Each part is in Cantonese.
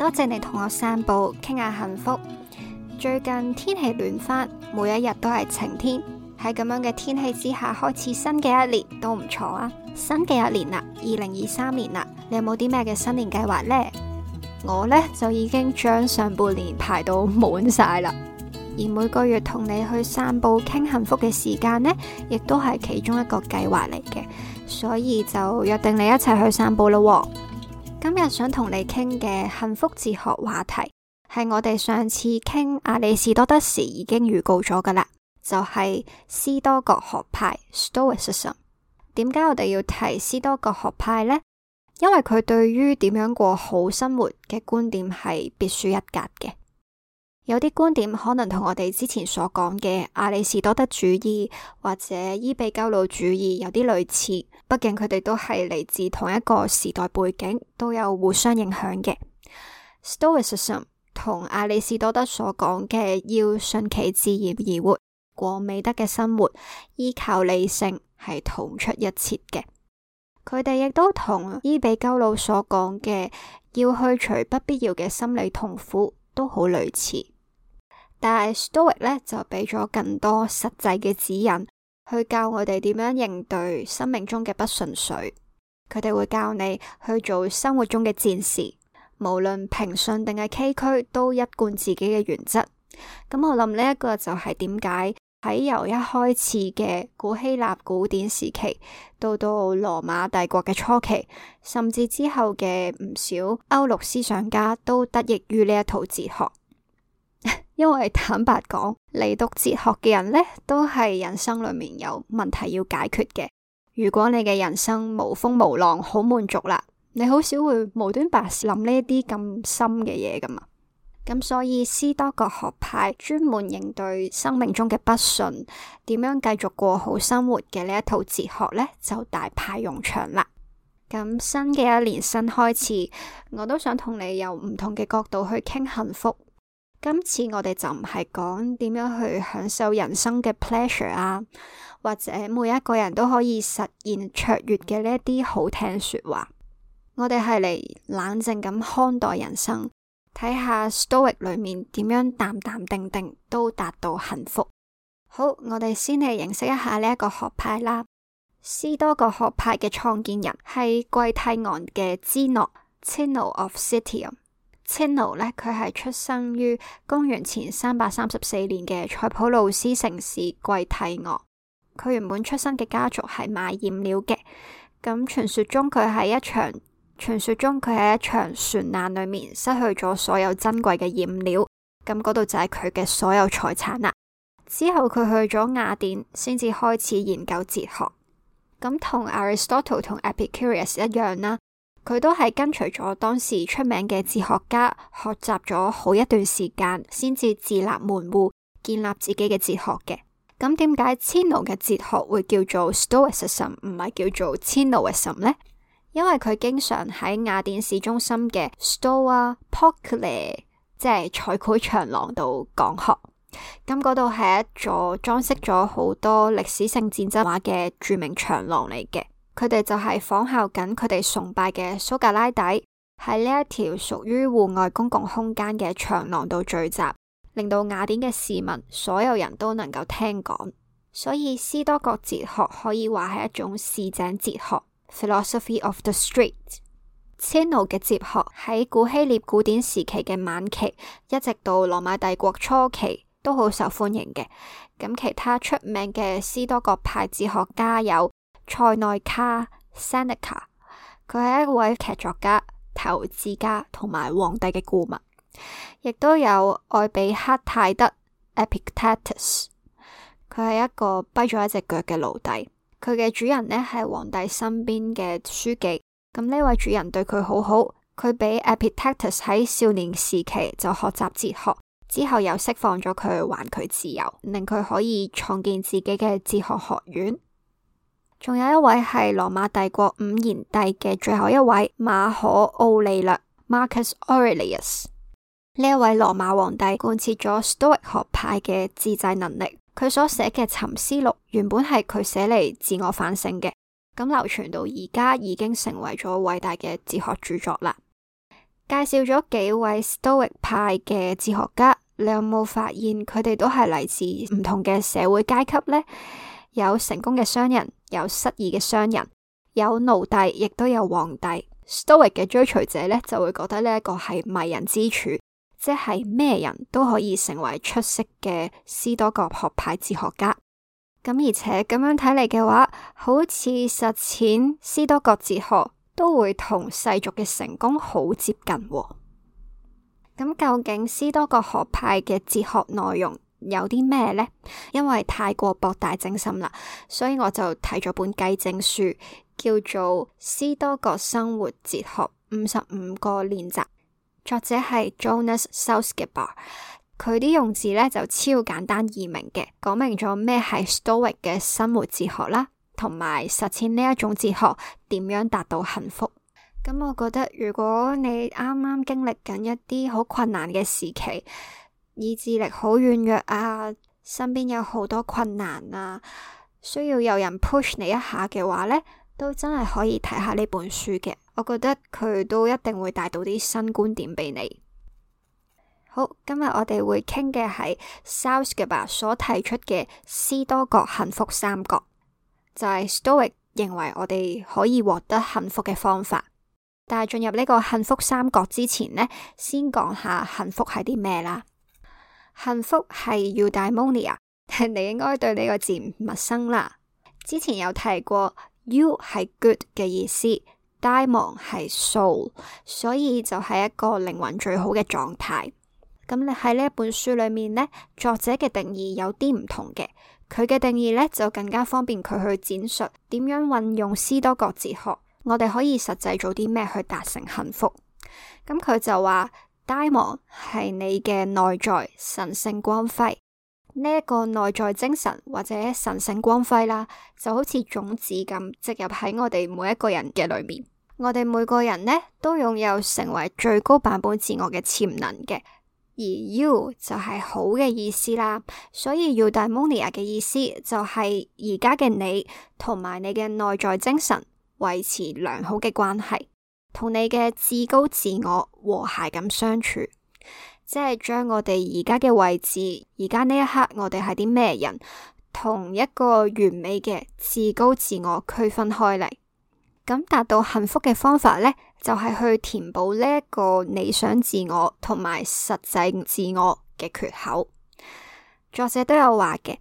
多謝你同我散步，傾下幸福。最近天氣暖返，每一日都係晴天。喺咁樣嘅天氣之下，開始新嘅一年都唔錯啊！新嘅一年啦，二零二三年啦，你有冇啲咩嘅新年計劃呢？我呢，就已經將上半年排到滿晒啦，而每個月同你去散步傾幸福嘅時間呢，亦都係其中一個計劃嚟嘅，所以就約定你一齊去散步咯喎。今日想同你傾嘅幸福哲學話題，係我哋上次傾亞里士多德時已經預告咗噶啦，就係斯多葛學派 （Stoicism）。點解我哋要提斯多葛學派呢？因為佢對於點樣過好生活嘅觀點係別樹一格嘅。啲觀點可能同我哋之前所講嘅亞里士多德主義或者伊比鳩魯主義有啲類似，畢竟佢哋都係嚟自同一個時代背景，都有互相影響嘅。Stoicism 同亞里士多德所講嘅要順其自然而活，過美德嘅生活，依靠理性係同出一轍嘅。佢哋亦都同伊比鳩魯所講嘅要去除不必要嘅心理痛苦都好類似。但係 Stoic 咧就俾咗更多實際嘅指引，去教我哋點樣應對生命中嘅不順遂。佢哋會教你去做生活中嘅戰士，無論平順定係崎嶇，都一貫自己嘅原則。咁、嗯、我諗呢一個就係點解喺由一開始嘅古希臘古典時期，到到羅馬帝國嘅初期，甚至之後嘅唔少歐陸思想家都得益於呢一套哲學。 因為坦白講，嚟讀哲學嘅人呢，都係人生裏面有問題要解決嘅。如果你嘅人生無風無浪，好滿足啦，你好少會無端白事諗呢啲咁深嘅嘢噶嘛。咁所以，斯多葛學派專門應對生命中嘅不順，點樣繼續過好生活嘅呢一套哲學呢，就大派用場啦。咁新嘅一年新開始，我都想同你由唔同嘅角度去傾幸福。今次我哋就唔係講點樣去享受人生嘅 pleasure 啊，或者每一個人都可以實現卓越嘅呢一啲好聽說話。我哋係嚟，冷靜咁看待人生，睇下 Stoic 裏面點樣淡淡定定都達到幸福。好，我哋先嚟認識一下呢一個學派啦。C 多格學派嘅創建人係桂泰岸嘅芝諾 c h a n n e l of c i t y 芝諾咧，佢係出生於公元前三百三十四年嘅塞浦路斯城市季蒂昂。佢原本出生嘅家族係賣染料嘅。咁傳說中佢喺一場傳說中佢喺一場船難裏面失去咗所有珍貴嘅染料。咁嗰度就係佢嘅所有財產啦。之後佢去咗雅典，先至開始研究哲學。咁同 Aristotle 同 Epicurus 一樣啦。佢都係跟隨咗當時出名嘅哲學家學習咗好一段時間，先至自立門戶，建立自己嘅哲學嘅。咁點解 Zeno 嘅哲學會叫做 Stoicism，唔係叫做 Zenoism 咧？因為佢經常喺雅典市中心嘅 Stoa Poikile，即係彩繪長廊度講學。咁嗰度係一座裝飾咗好多歷史性戰爭畫嘅著名長廊嚟嘅。佢哋就係仿效緊佢哋崇拜嘅蘇格拉底，喺呢一條屬於戶外公共空間嘅長廊度聚集，令到雅典嘅市民所有人都能夠聽講。所以斯多葛哲學可以話係一種市井哲學 （philosophy of the street）。車奴嘅哲學喺古希臘古典時期嘅晚期，一直到羅馬帝國初期都好受歡迎嘅。咁其他出名嘅斯多葛派哲學家有。塞內卡 （Seneca），佢係一位劇作家、投資家同埋皇帝嘅顧問，亦都有愛比克泰德 （Epictetus）。佢係一個跛咗一隻腳嘅奴隸，佢嘅主人呢係皇帝身邊嘅書記。咁呢位主人對佢好好，佢俾 Epictetus 喺少年時期就學習哲學，之後又釋放咗佢，還佢自由，令佢可以創建自己嘅哲學學院。仲有一位係羅馬帝國五賢帝嘅最後一位馬可奧利略 （Marcus Aurelius）。呢一位羅馬皇帝貫徹咗 Stoic 學派嘅自制能力。佢所寫嘅《沉思錄》原本係佢寫嚟自我反省嘅，咁流傳到而家已經成為咗偉大嘅哲學著作啦。介紹咗幾位 Stoic 派嘅哲學家，你有冇發現佢哋都係嚟自唔同嘅社會階級呢？有成功嘅商人。有失意嘅商人，有奴隸，亦都有皇帝。Stoic 嘅追隨者呢，就會覺得呢一個係迷人之處，即係咩人都可以成為出色嘅斯多葛學派哲學家。咁而且咁樣睇嚟嘅話，好似實踐斯多葛哲學都會同世俗嘅成功好接近喎。咁究竟斯多葛學派嘅哲學內容有啲咩呢？因為太過博大精深啦，所以我就睇咗本雞精書，叫做《斯多葛生活哲學五十五個練習》，作者係 Jonas Salzgeber。佢啲用字呢就超簡單易明嘅，講明咗咩係 Stoic 嘅生活哲學啦，同埋實踐呢一種哲學點樣達到幸福。咁我覺得如果你啱啱經歷緊一啲好困難嘅時期，意志力好軟弱啊，身邊有好多困難啊，需要有人 push 你一下嘅話呢，都真係可以睇下呢本書嘅。我覺得佢都一定會帶到啲新觀點俾你。好，今日我哋會傾嘅係 Salzgeber 所提出嘅斯多葛幸福三角，就係、是、Stoic 認為我哋可以獲得幸福嘅方法。但係進入呢個幸福三角之前呢，先講下幸福係啲咩啦。幸福係 eudaimonia，你應該對呢個字唔陌生啦。之前有提過，u 係 good 嘅意思，daimon 係 soul，所以就係一個靈魂最好嘅狀態。咁你喺呢一本書裏面呢，作者嘅定義有啲唔同嘅，佢嘅定義呢，就更加方便佢去展述點樣運用斯多葛哲學，我哋可以實際做啲咩去達成幸福。咁佢就話。Daimon 係你嘅內在神性光輝，呢、這、一個內在精神或者神性光輝啦，就好似種子咁植入喺我哋每一個人嘅裏面。我哋每個人呢，都擁有成為最高版本自我嘅潛能嘅，而 u 就係、是、好嘅意思啦。所以，eudaimonia 嘅意思就係而家嘅你同埋你嘅內在精神維持良好嘅關係。同你嘅至高自我和諧咁相處，即係將我哋而家嘅位置，而家呢一刻我哋係啲咩人，同一個完美嘅至高自我區分開嚟。咁達到幸福嘅方法咧，就係去填補呢一個理想自我同埋實際自我嘅缺口。作者都有話嘅，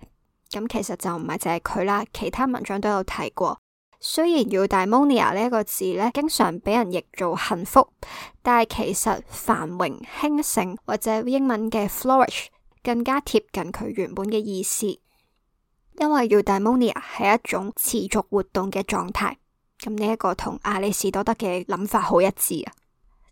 咁其實就唔係淨係佢啦，其他文章都有提過。雖然 eudaimonia 呢一個字咧，經常俾人譯做幸福，但係其實繁榮興盛或者英文嘅 flourish 更加貼近佢原本嘅意思。因為 eudaimonia 係一種持續活動嘅狀態，咁呢一個同亞里士多德嘅諗法好一致啊。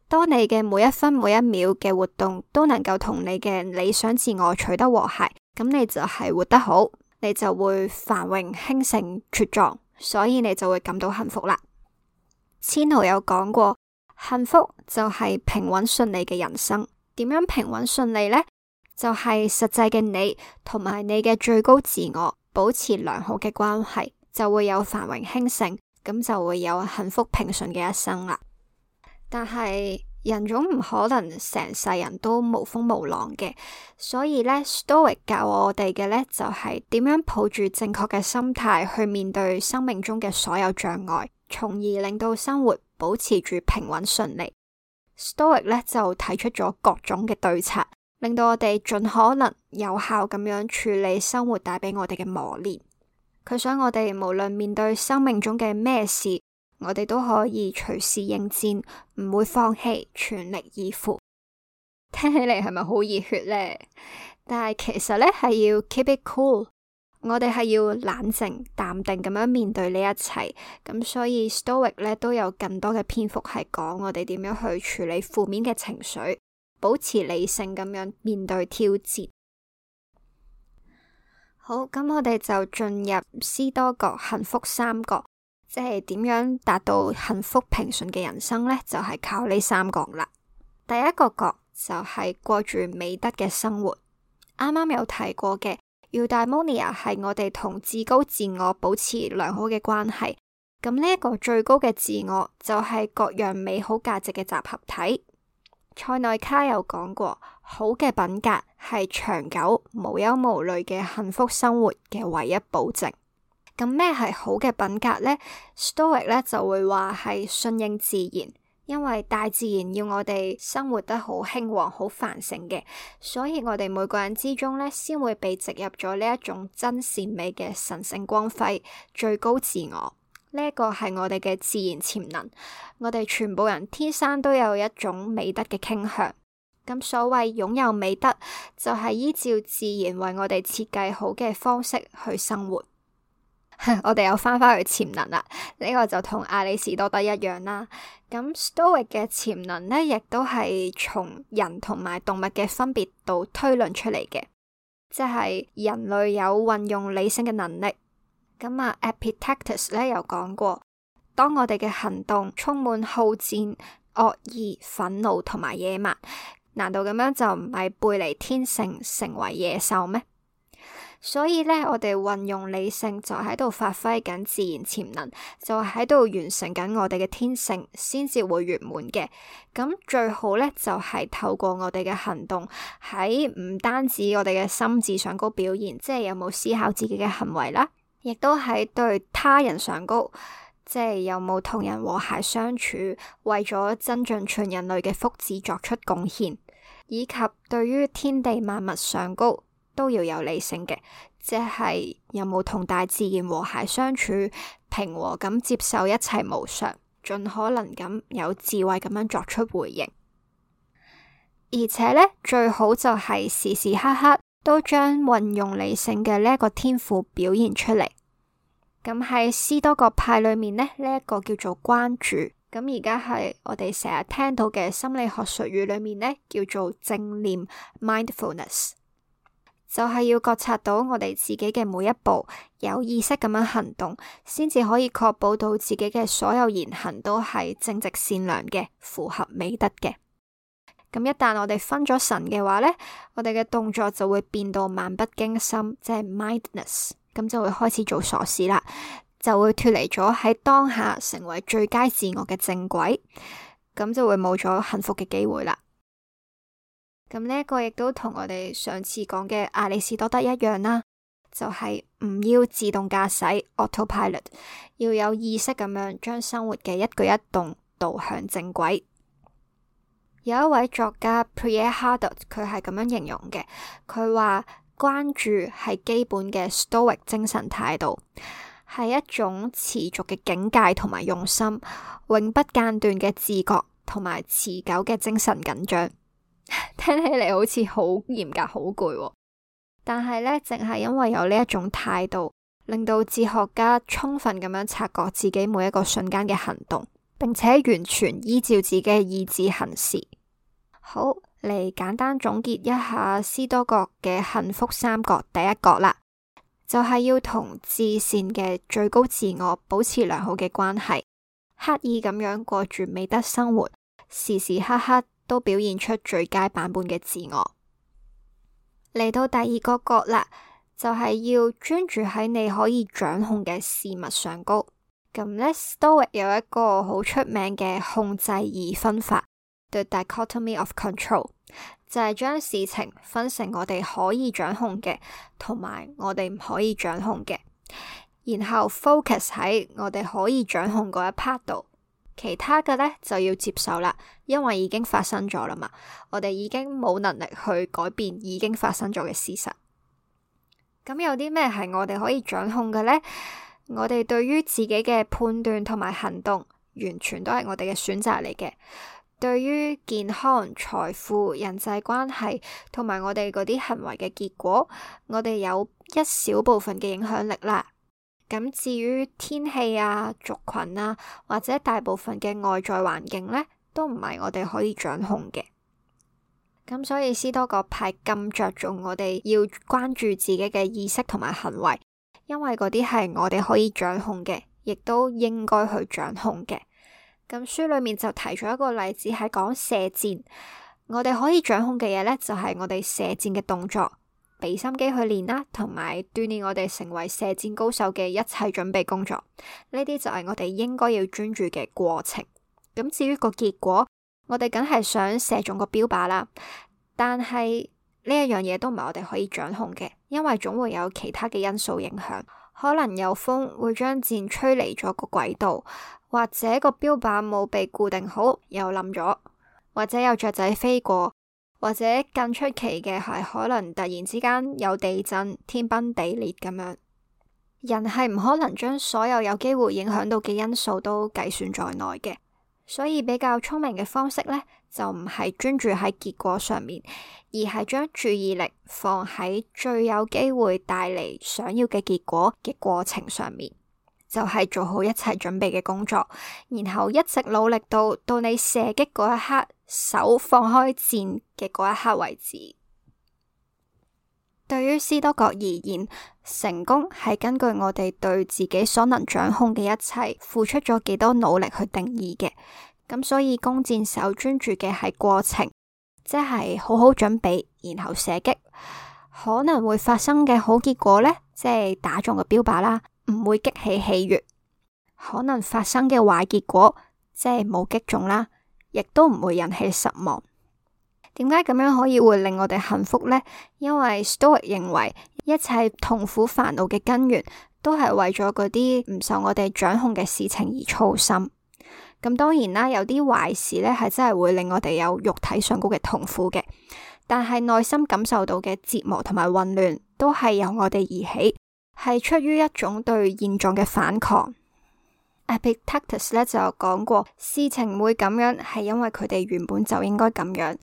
當你嘅每一分每一秒嘅活動都能夠同你嘅理想自我取得和諧，咁你就係活得好，你就會繁榮興盛茁壯。所以你就會感到幸福啦。先頭有講過，幸福就係平穩順利嘅人生。點樣平穩順利呢？就係、是、實際嘅你同埋你嘅最高自我保持良好嘅關係，就會有繁榮興盛，咁就會有幸福平順嘅一生啦。但係。人總唔可能成世人都無風無浪嘅，所以呢 Stoic 教我哋嘅呢，就係點樣抱住正確嘅心態去面對生命中嘅所有障礙，從而令到生活保持住平穩順利。Stoic 呢，就提出咗各種嘅對策，令到我哋盡可能有效咁樣處理生活帶俾我哋嘅磨練。佢想我哋無論面對生命中嘅咩事，我哋都可以隨時應戰，唔會放棄，全力以赴。聽起嚟係咪好熱血呢？但係其實呢，係要 keep it cool，我哋係要冷靜、淡定咁樣面對呢一切。咁所以 Stoic 呢都有更多嘅篇幅係講我哋點樣去處理負面嘅情緒，保持理性咁樣面對挑戰。好，咁我哋就進入斯多葛幸福三角。即係點樣達到幸福平順嘅人生呢？就係靠呢三個啦。第一個角就係過住美德嘅生活。啱啱有提過嘅，eudaimonia 係我哋同至高自我保持良好嘅關係。咁呢一個最高嘅自我就係各樣美好價值嘅集合體。塞內卡有講過，好嘅品格係長久無憂無慮嘅幸福生活嘅唯一保證。咁咩係好嘅品格呢？Stoic 咧就會話係順應自然，因為大自然要我哋生活得好興旺、好繁盛嘅，所以我哋每個人之中咧，先會被植入咗呢一種真善美嘅神性光輝、最高自我。呢、這、一個係我哋嘅自然潛能，我哋全部人天生都有一種美德嘅傾向。咁所謂擁有美德，就係、是、依照自然為我哋設計好嘅方式去生活。 我哋又翻返去潛能啦，呢、這個就同亞里士多德一樣啦。咁 Stoic 嘅潛能呢，亦都係從人同埋動物嘅分別度推論出嚟嘅，即係人類有運用理性嘅能力。咁啊，Epictetus 咧又講過，當我哋嘅行動充滿好戰、惡意、憤怒同埋野蠻，難道咁樣就唔係背離天性成為野獸咩？所以咧，我哋運用理性就喺度發揮緊自然潛能，就喺度完成緊我哋嘅天性，先至會圓滿嘅。咁最好咧，就係透過我哋嘅行動，喺唔單止我哋嘅心智上高表現，即係有冇思考自己嘅行為啦，亦都喺對他人上高，即係有冇同人和諧相處，為咗增進全人類嘅福祉作出貢獻，以及對於天地萬物上高，都要有理性嘅，即係有冇同大自然和諧相處，平和咁接受一切無常，盡可能咁有智慧咁樣作出回應。而且咧，最好就係時時刻刻都將運用理性嘅呢一個天賦表現出嚟。咁喺斯多葛派裏面呢，呢，呢一個叫做關注。咁而家係我哋成日聽到嘅心理學術語裏面呢，叫做正念 （mindfulness）。就係要覺察到我哋自己嘅每一步，有意識咁樣行動，先至可以確保到自己嘅所有言行都係正直善良嘅，符合美德嘅。咁一旦我哋分咗神嘅話呢，我哋嘅動作就會變到漫不經心，即係 mindless。咁就會開始做傻事啦，就會脫離咗喺當下成為最佳自我嘅正軌，咁就會冇咗幸福嘅機會啦。咁呢一個亦都同我哋上次講嘅亞里士多德一樣啦，就係、是、唔要自動駕駛 （autopilot），要有意識咁樣將生活嘅一舉一動導向正軌。有一位作家 Pierre Hadot 佢係咁樣形容嘅，佢話關注係基本嘅 Stoic 精神態度，係一種持續嘅警戒同埋用心，永不間斷嘅自覺同埋持久嘅精神緊張。聽起嚟好似好嚴格、好攰喎，但係呢，淨係因為有呢一種態度，令到哲學家充分咁樣察覺自己每一個瞬間嘅行動，並且完全依照自己嘅意志行事。好，嚟簡單總結一下斯多葛嘅幸福三角第一角啦，就係、是、要同至善嘅最高自我保持良好嘅關係，刻意咁樣過住美德生活，時時刻刻。都表現出最佳版本嘅自我。嚟到第二個角啦，就係、是、要專注喺你可以掌控嘅事物上高。咁呢 Stoic 有一個好出名嘅控制二分法，The dichotomy of control，就係將事情分成我哋可以掌控嘅，同埋我哋唔可以掌控嘅，然後 focus 喺我哋可以掌控嗰一 part 度。其他嘅咧就要接受啦，因為已經發生咗啦嘛，我哋已經冇能力去改變已經發生咗嘅事實。咁有啲咩係我哋可以掌控嘅咧？我哋對於自己嘅判斷同埋行動，完全都係我哋嘅選擇嚟嘅。對於健康、財富、人際關係同埋我哋嗰啲行為嘅結果，我哋有一小部分嘅影響力啦。咁至於天氣啊、族群啊，或者大部分嘅外在環境呢，都唔係我哋可以掌控嘅。咁所以斯多葛派咁着重我哋要關注自己嘅意識同埋行為，因為嗰啲係我哋可以掌控嘅，亦都應該去掌控嘅。咁書裏面就提咗一個例子，係講射箭。我哋可以掌控嘅嘢呢，就係我哋射箭嘅動作。俾心機去練啦，同埋鍛煉我哋成為射箭高手嘅一切準備工作，呢啲就係我哋應該要專注嘅過程。咁至於個結果，我哋梗係想射中個標靶啦。但係呢一樣嘢都唔係我哋可以掌控嘅，因為總會有其他嘅因素影響，可能有風會將箭吹離咗個軌道，或者個標靶冇被固定好又冧咗，或者有雀仔飛過。或者更出奇嘅係，可能突然之間有地震，天崩地裂咁樣。人係唔可能將所有有機會影響到嘅因素都計算在內嘅，所以比較聰明嘅方式咧，就唔係專注喺結果上面，而係將注意力放喺最有機會帶嚟想要嘅結果嘅過程上面，就係做好一切準備嘅工作，然後一直努力到到你射擊嗰一刻，手放開箭，嘅嗰一刻為止，對於斯多葛而言，成功係根據我哋對自己所能掌控嘅一切付出咗幾多努力去定義嘅。咁所以弓箭手專注嘅係過程，即係好好準備，然後射擊。可能會發生嘅好結果呢，即係打中個標靶啦，唔會激起喜悅；可能發生嘅壞結果，即係冇擊中啦，亦都唔會引起失望。點解咁樣可以會令我哋幸福呢？因為 Stoic 認為一切痛苦煩惱嘅根源都係為咗嗰啲唔受我哋掌控嘅事情而操心。咁當然啦，有啲壞事呢係真係會令我哋有肉體上高嘅痛苦嘅，但係內心感受到嘅折磨同埋混亂都係由我哋而起，係出於一種對現狀嘅反抗。Epictetus 咧就講過，事情會咁樣係因為佢哋原本就應該咁樣。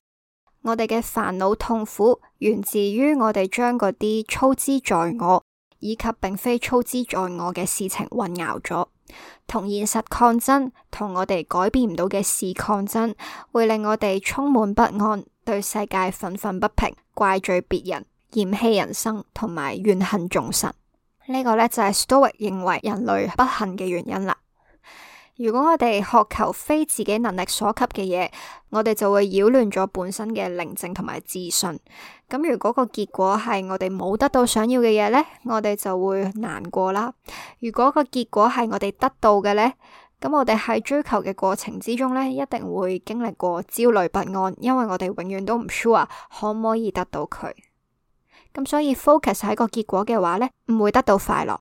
我哋嘅煩惱痛苦源自於我哋將嗰啲操之在我以及並非操之在我嘅事情混淆咗，同現實抗爭，同我哋改變唔到嘅事抗爭，會令我哋充滿不安，對世界憤憤不平，怪罪別人，嫌棄人生，同埋怨恨眾神。呢個咧就係 Stoic 認為人類不幸嘅原因啦。如果我哋渴求非自己能力所及嘅嘢，我哋就會擾亂咗本身嘅寧靜同埋自信。咁如果個結果係我哋冇得到想要嘅嘢咧，我哋就會難過啦。如果個結果係我哋得到嘅咧，咁我哋喺追求嘅過程之中咧，一定會經歷過焦慮不安，因為我哋永遠都唔 sure 可唔可以得到佢。咁所以 focus 喺個結果嘅話咧，唔會得到快樂。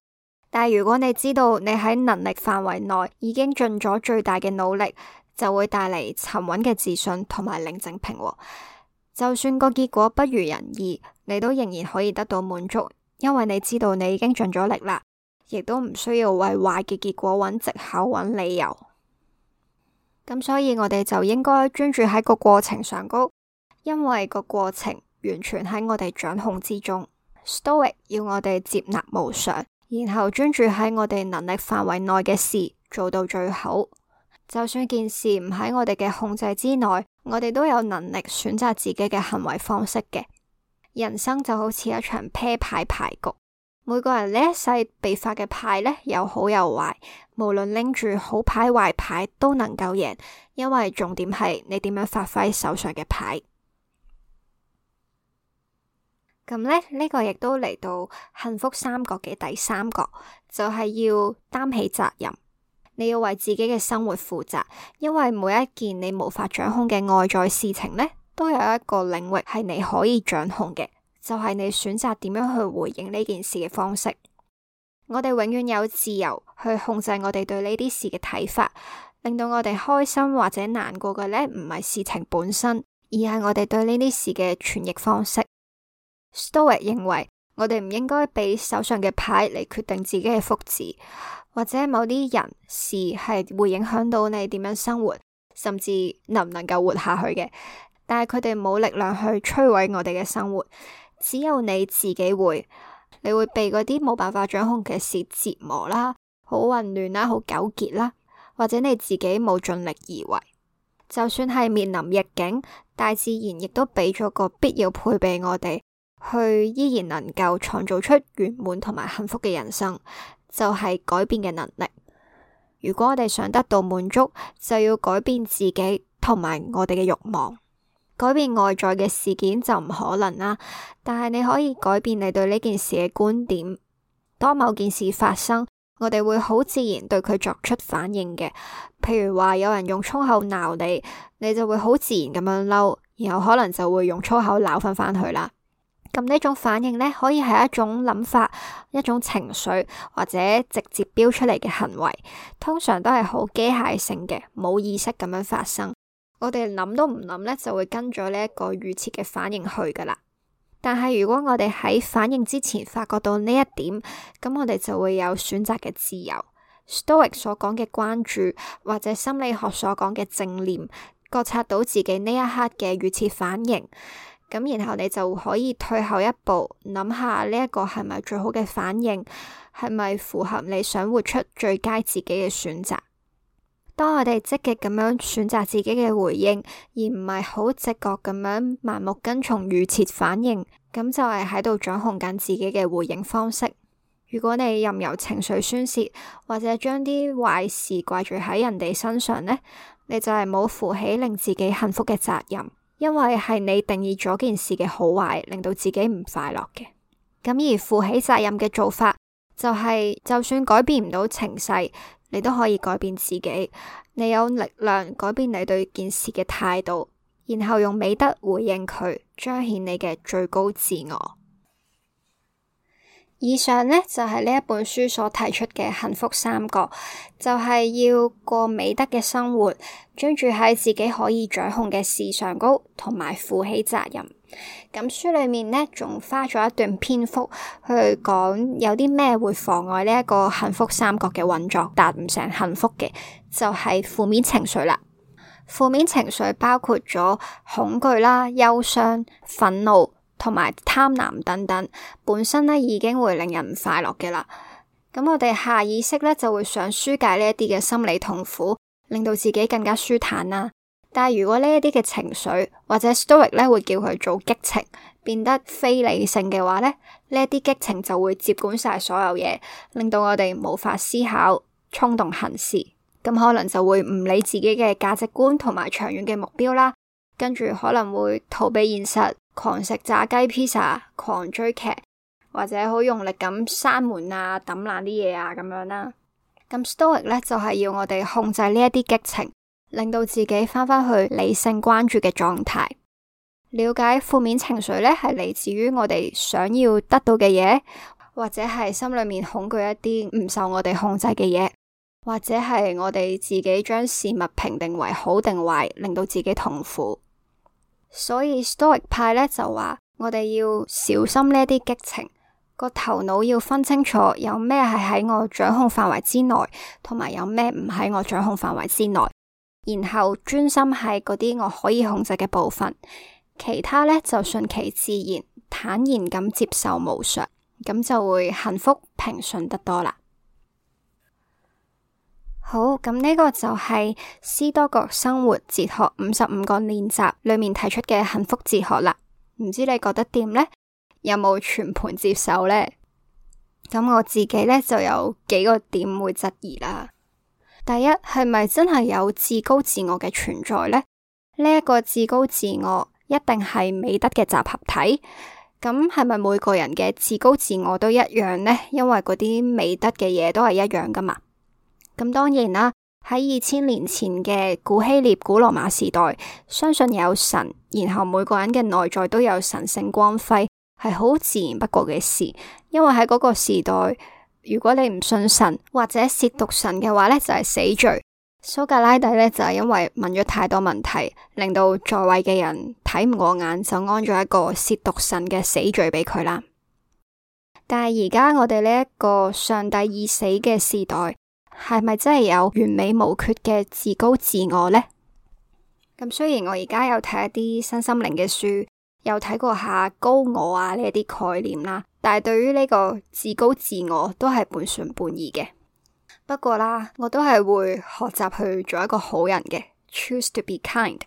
但如果你知道你喺能力範圍內已經盡咗最大嘅努力，就會帶嚟沉穩嘅自信同埋寧靜平和。就算個結果不如人意，你都仍然可以得到滿足，因為你知道你已經盡咗力啦，亦都唔需要為壞嘅結果揾借口、揾理由。咁所以我哋就應該專注喺個過程上高，因為個過程完全喺我哋掌控之中。Stoic 要我哋接納無常。然後專注喺我哋能力範圍內嘅事，做到最好。就算件事唔喺我哋嘅控制之內，我哋都有能力選擇自己嘅行為方式嘅。人生就好似一場啤牌牌局，每個人呢一世被發嘅牌呢，有好有壞，無論拎住好牌壞牌都能夠贏，因為重點係你點樣發揮手上嘅牌。咁呢，呢個亦都嚟到幸福三角嘅第三角，就係要擔起責任。你要為自己嘅生活負責，因為每一件你無法掌控嘅外在事情呢，都有一個領域係你可以掌控嘅，就係你選擇點樣去回應呢件事嘅方式。我哋永遠有自由去控制我哋對呢啲事嘅睇法，令到我哋開心或者難過嘅呢，唔係事情本身，而係我哋對呢啲事嘅傳譯方式。Stoic 認為，我哋唔應該俾手上嘅牌嚟決定自己嘅福祉，或者某啲人事係會影響到你點樣生活，甚至能唔能夠活下去嘅。但係佢哋冇力量去摧毀我哋嘅生活，只有你自己會，你會被嗰啲冇辦法掌控嘅事折磨啦，好混亂啦，好糾結啦，或者你自己冇盡力而為。就算係面臨逆境，大自然亦都俾咗個必要配備我哋。佢依然能夠創造出圓滿同埋幸福嘅人生，就係改變嘅能力。如果我哋想得到滿足，就要改變自己同埋我哋嘅慾望。改變外在嘅事件就唔可能啦，但係你可以改變你對呢件事嘅觀點。當某件事發生，我哋會好自然對佢作出反應嘅。譬如話有人用粗口鬧你，你就會好自然咁樣嬲，然後可能就會用粗口鬧翻返去啦。咁呢種反應呢，可以係一種諗法、一種情緒或者直接飆出嚟嘅行為，通常都係好機械性嘅，冇意識咁樣發生。我哋諗都唔諗呢，就會跟咗呢一個預設嘅反應去噶啦。但係如果我哋喺反應之前發覺到呢一點，咁我哋就會有選擇嘅自由。Stoic 所講嘅關注或者心理學所講嘅正念，覺察到自己呢一刻嘅預設反應。咁，然後你就可以退後一步，諗下呢一個係咪最好嘅反應，係咪符合你想活出最佳自己嘅選擇。當我哋積極咁樣選擇自己嘅回應，而唔係好直覺咁樣盲目跟從預設反應，咁就係喺度掌控緊自己嘅回應方式。如果你任由情緒宣泄，或者將啲壞事怪罪喺人哋身上呢，你就係冇負起令自己幸福嘅責任。因為係你定義咗件事嘅好壞，令到自己唔快樂嘅，咁而負起責任嘅做法就係、是，就算改變唔到情勢，你都可以改變自己，你有力量改變你對件事嘅態度，然後用美德回應佢，彰顯你嘅最高自我。以上咧就係、是、呢一本書所提出嘅幸福三角，就係、是、要過美德嘅生活，專注喺自己可以掌控嘅事上高，同埋負起責任。咁書裏面咧仲花咗一段篇幅去講有啲咩會妨礙呢一個幸福三角嘅運作，達唔成幸福嘅，就係、是、負面情緒啦。負面情緒包括咗恐懼啦、憂傷、憤怒。同埋貪婪等等，本身咧已經會令人唔快樂嘅啦。咁我哋下意識咧就會想紓解呢一啲嘅心理痛苦，令到自己更加舒坦啦。但係如果呢一啲嘅情緒或者 stoic 咧會叫佢做激情，變得非理性嘅話咧，呢一啲激情就會接管晒所有嘢，令到我哋無法思考、衝動行事。咁可能就會唔理自己嘅價值觀同埋長遠嘅目標啦，跟住可能會逃避現實。狂食炸雞披 i 狂追劇，或者好用力咁閂門啊，抌爛啲嘢啊，咁樣啦。咁 stoic 咧就係、是、要我哋控制呢一啲激情，令到自己返返去理性關注嘅狀態。了解負面情緒咧係嚟自於我哋想要得到嘅嘢，或者係心裏面恐懼一啲唔受我哋控制嘅嘢，或者係我哋自己將事物評定為好定壞，令到自己痛苦。所以，Stoic 派呢就話，我哋要小心呢啲激情，個頭腦要分清楚有咩係喺我掌控範圍之內，同埋有咩唔喺我掌控範圍之內，然後專心喺嗰啲我可以控制嘅部分，其他呢，就順其自然，坦然咁接受無常，咁就會幸福平順得多啦。好，咁呢個就係斯多葛生活哲學五十五個練習裏面提出嘅幸福哲學啦。唔知你覺得點呢？有冇全盤接受呢？咁我自己呢，就有幾個點會質疑啦。第一，係咪真係有至高自我嘅存在呢？呢一個至高自我一定係美德嘅集合體。咁係咪每個人嘅至高自我都一樣呢？因為嗰啲美德嘅嘢都係一樣噶嘛。咁當然啦，喺二千年前嘅古希臘、古羅馬時代，相信有神，然後每個人嘅內在都有神聖光輝，係好自然不過嘅事。因為喺嗰個時代，如果你唔信神或者褻瀆神嘅話呢，就係死罪。蘇格拉底呢，就係因為問咗太多問題，令到在位嘅人睇唔過眼，就安咗一個褻瀆神嘅死罪俾佢啦。但係而家我哋呢一個上帝已死嘅時代。係咪真係有完美無缺嘅自高自我呢？咁雖然我而家有睇一啲身心靈嘅書，有睇過下高我啊呢啲概念啦，但係對於呢個自高自我都係半信半疑嘅。不過啦，我都係會學習去做一個好人嘅，choose to be kind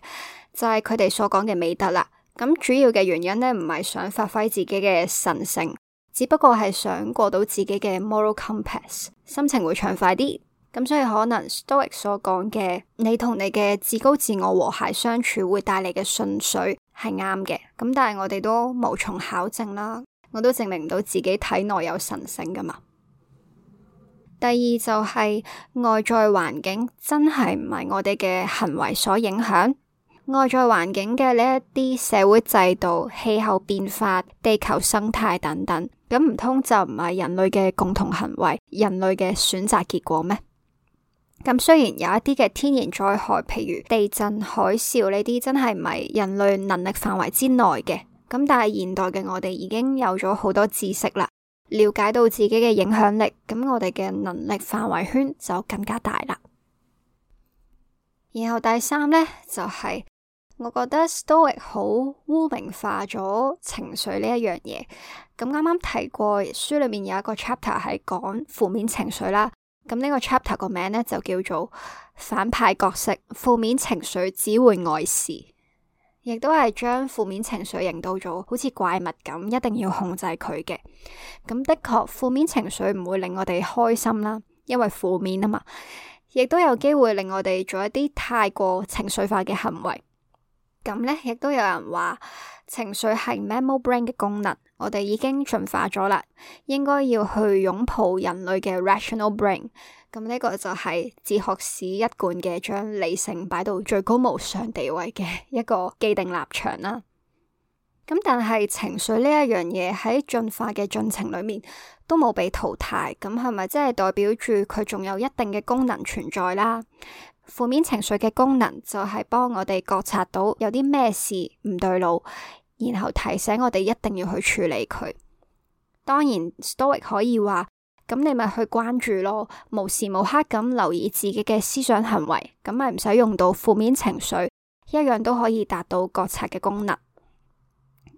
就係佢哋所講嘅美德啦。咁主要嘅原因呢，唔係想發揮自己嘅神性。只不過係想過到自己嘅 moral compass，心情會暢快啲。咁所以可能 Stoic 所講嘅你同你嘅至高自我和諧相處會帶嚟嘅順序係啱嘅。咁但係我哋都無從考證啦，我都證明唔到自己體內有神性噶嘛。第二就係外在環境真係唔係我哋嘅行為所影響。外在環境嘅呢一啲社會制度、氣候變化、地球生態等等，咁唔通就唔係人類嘅共同行為、人類嘅選擇結果咩？咁雖然有一啲嘅天然災害，譬如地震、海嘯呢啲，真係唔係人類能力範圍之內嘅。咁但係現代嘅我哋已經有咗好多知識啦，了解到自己嘅影響力，咁我哋嘅能力範圍圈就更加大啦。然後第三呢，就係、是。我覺得 Stoic 好污名化咗情緒呢一樣嘢。咁啱啱提過書裏面有一個 chapter 係講負面情緒啦。咁呢個 chapter 個名呢，就叫做反派角色，負面情緒只會礙事，亦都係將負面情緒凝到咗好似怪物咁，一定要控制佢嘅。咁的確負面情緒唔會令我哋開心啦，因為負面啊嘛，亦都有機會令我哋做一啲太過情緒化嘅行為。咁呢，亦都有人話情緒係 mammal brain 嘅功能，我哋已經進化咗啦，應該要去擁抱人類嘅 rational brain。咁呢個就係哲學史一貫嘅將理性擺到最高無上地位嘅一個既定立場啦。咁但係情緒呢一樣嘢喺進化嘅進程裏面都冇被淘汰，咁係咪即係代表住佢仲有一定嘅功能存在啦？負面情緒嘅功能就係幫我哋覺察到有啲咩事唔對路，然後提醒我哋一定要去處理佢。當然，Stoic 可以話咁，你咪去關注咯，無時無刻咁留意自己嘅思想行為，咁咪唔使用到負面情緒，一樣都可以達到覺察嘅功能。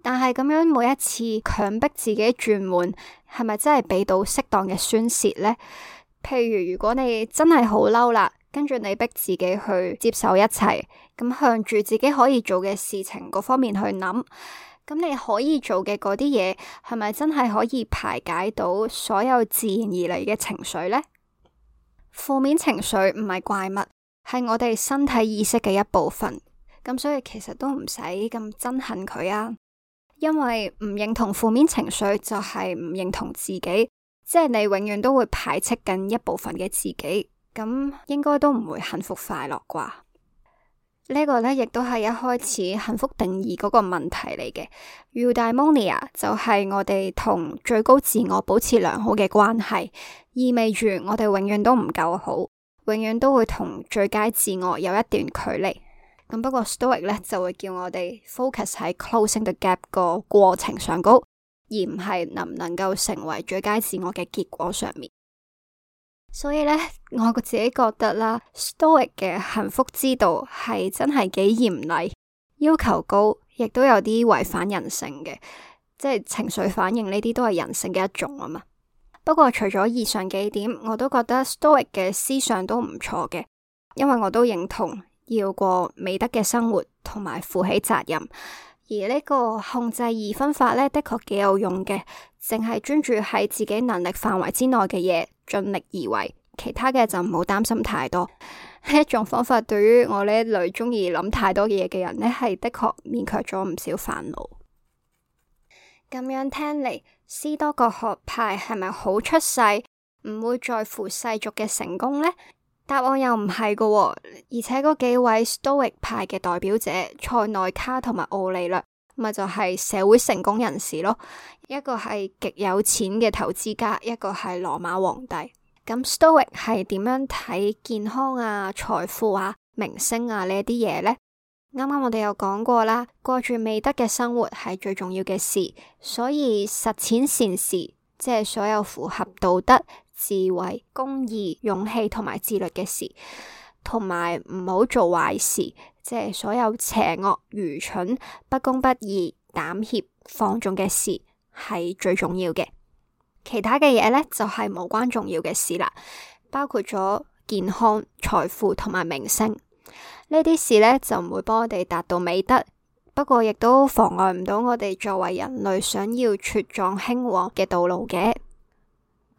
但係咁樣每一次強迫自己轉換，係咪真係俾到適當嘅宣泄呢？譬如如果你真係好嬲啦。跟住你逼自己去接受一切，咁向住自己可以做嘅事情嗰方面去諗，咁你可以做嘅嗰啲嘢，係咪真係可以排解到所有自然而嚟嘅情緒咧？負面情緒唔係怪物，係我哋身體意識嘅一部分，咁所以其實都唔使咁憎恨佢啊，因為唔認同負面情緒就係唔認同自己，即係你永遠都會排斥緊一部分嘅自己。咁應該都唔會幸福快樂啩？呢個呢，亦都係一開始幸福定義嗰個問題嚟嘅。Eudaimonia 就係我哋同最高自我保持良好嘅關係，意味住我哋永遠都唔夠好，永遠都會同最佳自我有一段距離。咁不過 Stoic 呢就會叫我哋 focus 喺 closing the gap 個過程上高，而唔係能唔能夠成為最佳自我嘅結果上面。所以呢，我自己覺得啦，Stoic 嘅幸福之道係真係幾嚴厲，要求高，亦都有啲違反人性嘅，即係情緒反應呢啲都係人性嘅一種啊嘛。不過除咗以上幾點，我都覺得 Stoic 嘅思想都唔錯嘅，因為我都認同要過美德嘅生活，同埋負起責任。而呢個控制二分法呢，的確幾有用嘅，淨係專注喺自己能力範圍之內嘅嘢。盡力而為，其他嘅就唔好擔心太多。呢 一種方法對於我呢類中意諗太多嘅嘢嘅人呢，係的確勉卻咗唔少煩惱。咁樣聽嚟，斯多格學派係咪好出世，唔會在乎世俗嘅成功呢？答案又唔係噶，而且嗰幾位 Stoic 派嘅代表者塞內卡同埋奧利略。咪就係社會成功人士咯，一個係極有錢嘅投資家，一個係羅馬皇帝。咁 Stoic 係點樣睇健康啊、財富啊、名聲啊呢一啲嘢呢？啱啱我哋有講過啦，過住美德嘅生活係最重要嘅事，所以實踐善事，即係所有符合道德、智慧、公義、勇氣同埋自律嘅事。同埋唔好做壞事，即係所有邪惡、愚蠢、不公不義、膽怯、放縱嘅事，係最重要嘅。其他嘅嘢咧就係無關重要嘅事啦，包括咗健康、財富同埋名聲呢啲事咧就唔會幫我哋達到美德，不過亦都妨礙唔到我哋作為人類想要茁壯興旺嘅道路嘅。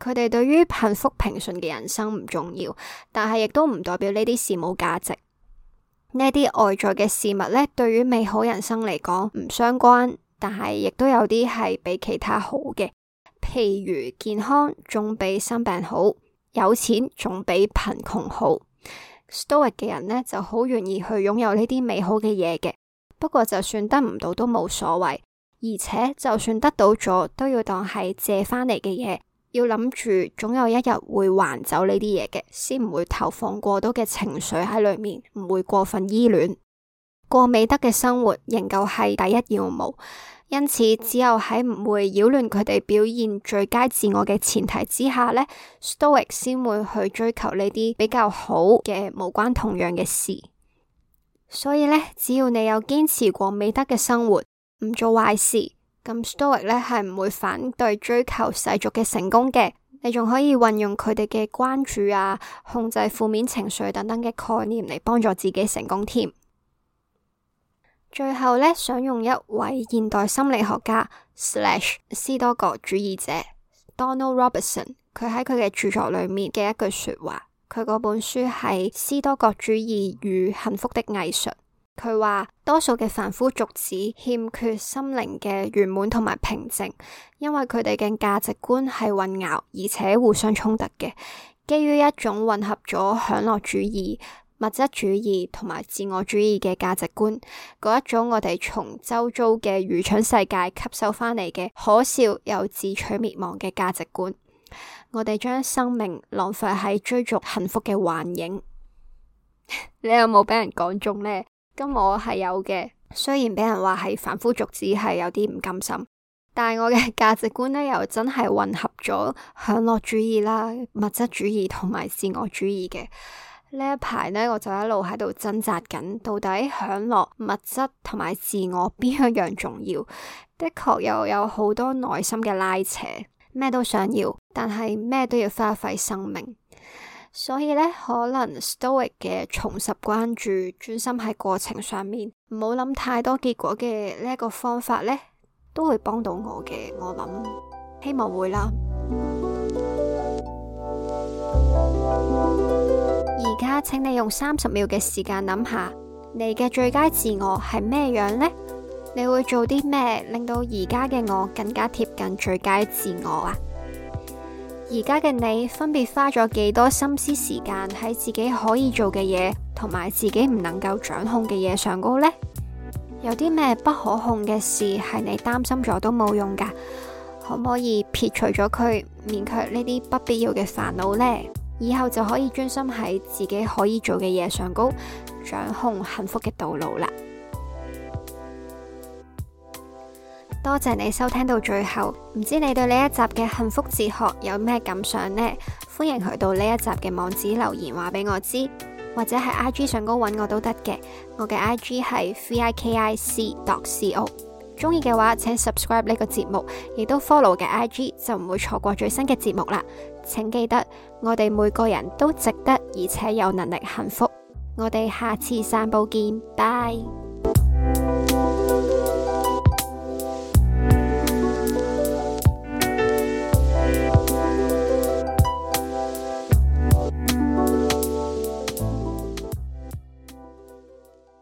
佢哋對於幸福平順嘅人生唔重要，但係亦都唔代表呢啲事冇價值。呢啲外在嘅事物呢，對於美好人生嚟講唔相關，但係亦都有啲係比其他好嘅，譬如健康仲比生病好，有錢仲比貧窮好。Stoic 嘅人呢就好願意去擁有呢啲美好嘅嘢嘅，不過就算得唔到都冇所謂，而且就算得到咗都要當係借返嚟嘅嘢。要諗住總有一日會還走呢啲嘢，嘅先唔會投放過多嘅情緒喺裏面，唔會過分依戀。過美德嘅生活仍舊係第一要務，因此只有喺唔會擾亂佢哋表現最佳自我嘅前提之下呢，stoic 先會去追求呢啲比較好嘅無關同樣嘅事。所以呢，只要你有堅持過美德嘅生活，唔做壞事。咁 Stoic 咧係唔會反對追求世俗嘅成功嘅，你仲可以運用佢哋嘅關注啊、控制負面情緒等等嘅概念嚟幫助自己成功添。最後咧，想用一位現代心理學家 slash 斯多葛主義者 Donald Robertson 佢喺佢嘅著作裏面嘅一句說話，佢嗰本書係《斯多葛主義與幸福的藝術》。佢話，多數嘅凡夫俗子欠缺心靈嘅圓滿同埋平靜，因為佢哋嘅價值觀係混淆，而且互相衝突嘅。基於一種混合咗享樂主義、物質主義同埋自我主義嘅價值觀，嗰一種我哋從周遭嘅愚蠢世界吸收翻嚟嘅可笑又自取滅亡嘅價值觀，我哋將生命浪費喺追逐幸福嘅幻影。 你有冇俾人講中呢？咁我係有嘅，雖然俾人話係凡夫俗子，係有啲唔甘心，但係我嘅價值觀呢，又真係混合咗享樂主義啦、物質主義同埋自我主義嘅。呢一排呢，我就一路喺度掙扎緊，到底享樂、物質同埋自我邊一樣重要？的確又有好多內心嘅拉扯，咩都想要，但係咩都要花費生命。所以呢，可能 Stoic 嘅重拾關注、專心喺過程上面，唔好諗太多結果嘅呢一個方法呢，都會幫到我嘅。我諗，希望會啦。而家請你用三十秒嘅時間諗下，你嘅最佳自我係咩樣呢？你會做啲咩令到而家嘅我更加貼近最佳自我啊？而家嘅你分別花咗幾多心思時間喺自己可以做嘅嘢同埋自己唔能夠掌控嘅嘢上高呢？有啲咩不可控嘅事係你擔心咗都冇用噶？可唔可以撇除咗佢，免卻呢啲不必要嘅煩惱呢？以後就可以專心喺自己可以做嘅嘢上高，掌控幸福嘅道路啦。多謝你收聽到最後，唔知你對呢一集嘅幸福哲學有咩感想呢？歡迎去到呢一集嘅網址留言，話俾我知，或者喺 I G 上高揾我都得嘅。我嘅 I G 係 v i k i c dot c o。中意嘅話，請 subscribe 呢個節目，亦都 follow 嘅 I G 就唔會錯過最新嘅節目啦。請記得我哋每個人都值得而且有能力幸福。我哋下次散步見，拜。